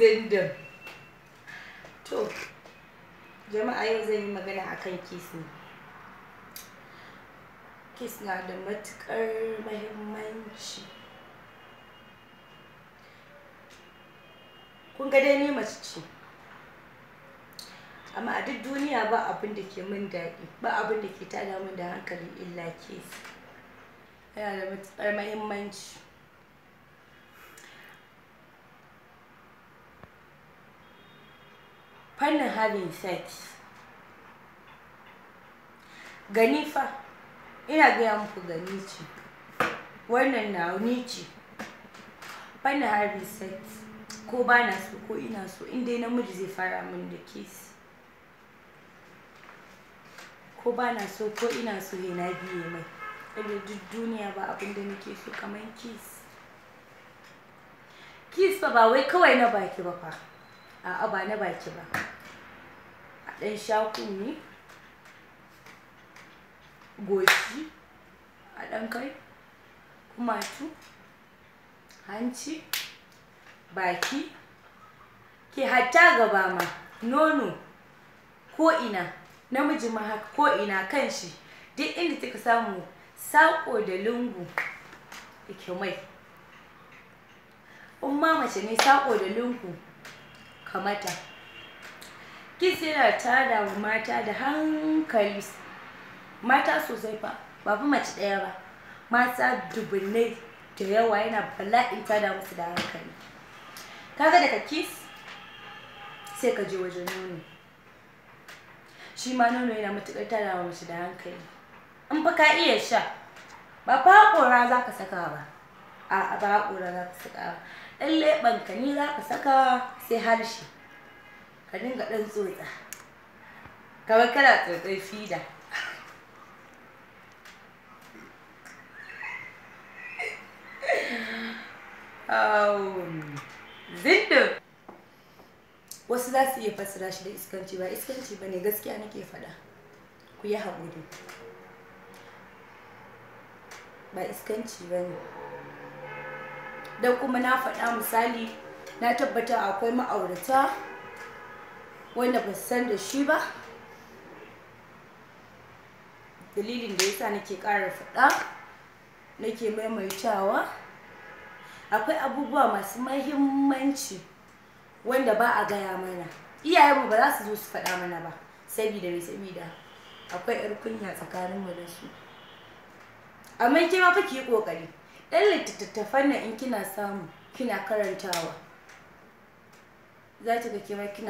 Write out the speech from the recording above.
zindin to jama'a yau zan yi magana akan kis ne kis na da matukar mahimmanci kun ga dai ni mace ce amma a duk duniya ba abin da ke min daɗi ba abin da ke tada min da hankali illa kis yana da matukar mahimmanci fannin having sex gani fa ina gaya muku gani ce wannan na ni ce fannin having sex ko ba na so ko ina so in dai namiji zai fara min da kesi ko ba na so ko ina so ya na biye mai ɗaya duk duniya ba abinda da nake so kamar kesi kis ba ba wai kawai na baki ba fa a'a ba na baki ba ɗan eh, sha kunni goshi a ɗan kai kumatu hanci baki ke hatta gaba ma nono ko'ina namiji ma haka kan shi duk inda kika samu saƙo da lungu yake mai in ma mace ne saƙo da lungu kamata kis yana tada mata da hankali mata sosai fa ba fi mace ɗaya ba mata dubunnai da yawa yana bala'in tada musu da hankali kaga daga kis sai ka je wajen nono shi ma nono yana matuƙar tada wa mace da hankali in fa ka iya sha ba fa kora za ka saka ba a ba kora za ka saka ba ɗan leɓanka ni za ka saka sai harshe ka dinga ɗan tsotsa kamar kana tsotsar fida zindin wasu za su iya fassara shi da iskanci ba iskanci ba ne gaskiya nake faɗa ku yi haƙuri ba iskanci ba ne don kuma na faɗa misali na tabbata akwai ma'aurata wanda ba san da shi ba dalilin da yasa nake ƙara faɗa nake maimaitawa akwai abubuwa masu mahimmanci wanda ba a gaya mana iyayenmu ba za su zo su faɗa mana ba sabida ne da. akwai yar kunya tsakanin da su amma ke ma fa ki yi ƙoƙari ɗan littattafan nan in kina samu kina karantawa za ki ga ke ma kina